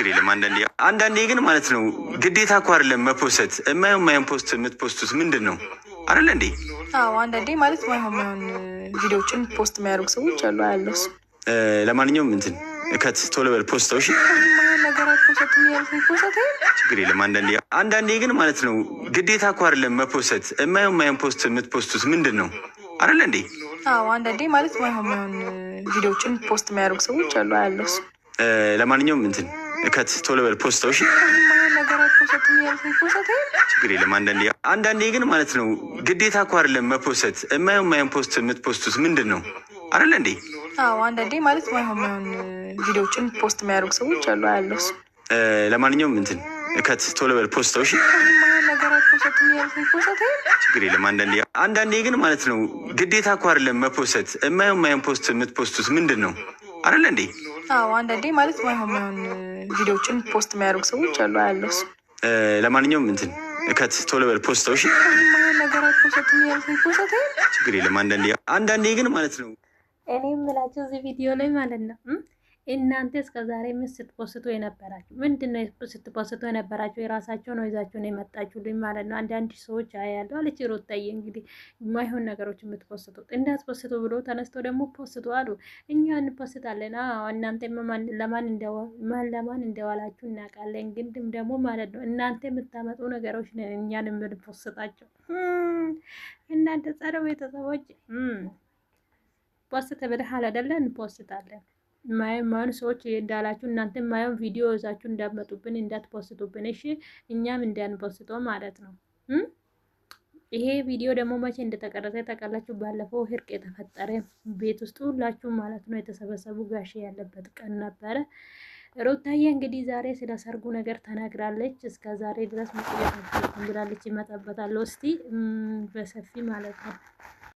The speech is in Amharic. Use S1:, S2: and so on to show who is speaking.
S1: ችግር የለም። አንዳንዴ አንዳንዴ ግን ማለት ነው ግዴታ እኮ አይደለም መፖሰት የማየውን ማየን ፖስት የምትፖስቱት ምንድን ነው አይደለ እንዴ?
S2: አንዳንዴ ማለት ማይሆን ማይሆን ቪዲዮዎችን ፖስት የሚያደርጉ ሰዎች አሉ አያለሱ።
S1: ለማንኛውም እንትን እከት ቶሎ በል ፖስተው። እሺ ችግር የለም። አንዳንዴ አንዳንዴ ግን ማለት ነው ግዴታ እኮ አይደለም መፖሰት የማየውን ማየን ፖስት የምትፖስቱት ምንድን ነው አይደለ እንዴ?
S2: አንዳንዴ ማለት ማይሆን ማይሆን ቪዲዮዎችን ፖስት የሚያደርጉ ሰዎች አሉ አያለሱ።
S1: ለማንኛውም እንትን እከት ቶሎ በል ፖስተው። እሺ ችግር የለም። አንዳንዴ አንዳንዴ ግን ማለት ነው ግዴታ እኮ አይደለም መፖሰት። የማየው የማየውን ፖስት የምትፖስቱት ምንድን ነው አይደለ እንዴ?
S2: አንዳንዴ ማለት ማየው የማየውን ቪዲዮዎችን ፖስት የሚያደርጉ ሰዎች አሉ ያለው
S1: ለማንኛውም እንትን እከት ቶሎ በል ፖስተው። እሺ ችግር የለም። አንዳንዴ አንዳንዴ ግን ማለት ነው ግዴታ እኮ አይደለም መፖሰት። የማየው የማየውን ፖስት የምትፖስቱት ምንድን ነው አይደለ እንዴ?
S2: አዎ አንዳንዴ ማለት ማይሆን ማይሆን ቪዲዮዎችን ፖስት የሚያደርጉ ሰዎች አሉ አያለሁ።
S1: ለማንኛውም እንትን እከት ቶሎ በል ፖስተው። እሺ ችግር የለም። አንዳንዴ ግን ማለት ነው
S3: እኔ የምላቸው እዚህ ቪዲዮ ላይ ማለት ነው እናንተ እስከ ዛሬ ምን ስትፖስቱ የነበራችሁ ምንድን ነው ስትፖስቱ የነበራችሁ? የራሳቸው ነው ይዛችሁ ይዛችሁን የመጣችሁልኝ ማለት ነው። አንዳንድ ሰዎች አያሉ አለች ሩታዬ። እንግዲህ የማይሆን ነገሮች የምትፖስቱ እንዳትፖስቱ ብሎ ተነስቶ ደግሞ ፖስቱ አሉ። እኛ እንፖስታለን። እናንተ ለማን ለማን እንደዋላችሁ እናውቃለን። ግን ደግሞ ማለት ነው እናንተ የምታመጡ ነገሮች ነው እኛን የምንፖስታቸው እናንተ ጸረ ቤተሰቦች ፖስት ብለሃል አይደለ? እንፖስታለን ማየማን ሰዎች እንዳላችሁ እናንተ ማየውን ቪዲዮ እዛችሁ እንዳመጡብን እንዳትፖስቱብን፣ እሺ እኛም እንዳንፖስተው ማለት ነው። ይሄ ቪዲዮ ደግሞ መቼ እንደተቀረጸ ታውቃላችሁ? ባለፈው እርቅ የተፈጠረ ቤት ውስጥ ሁላችሁ ማለት ነው የተሰበሰቡ ጋሽ ያለበት ቀን ነበረ። ሩታዬ እንግዲህ ዛሬ ስለ ሰርጉ ነገር ተናግራለች። እስከ ዛሬ ድረስ መቆየታችሁ ብላለች። ይመጣበታል እስቲ በሰፊ ማለት ነው።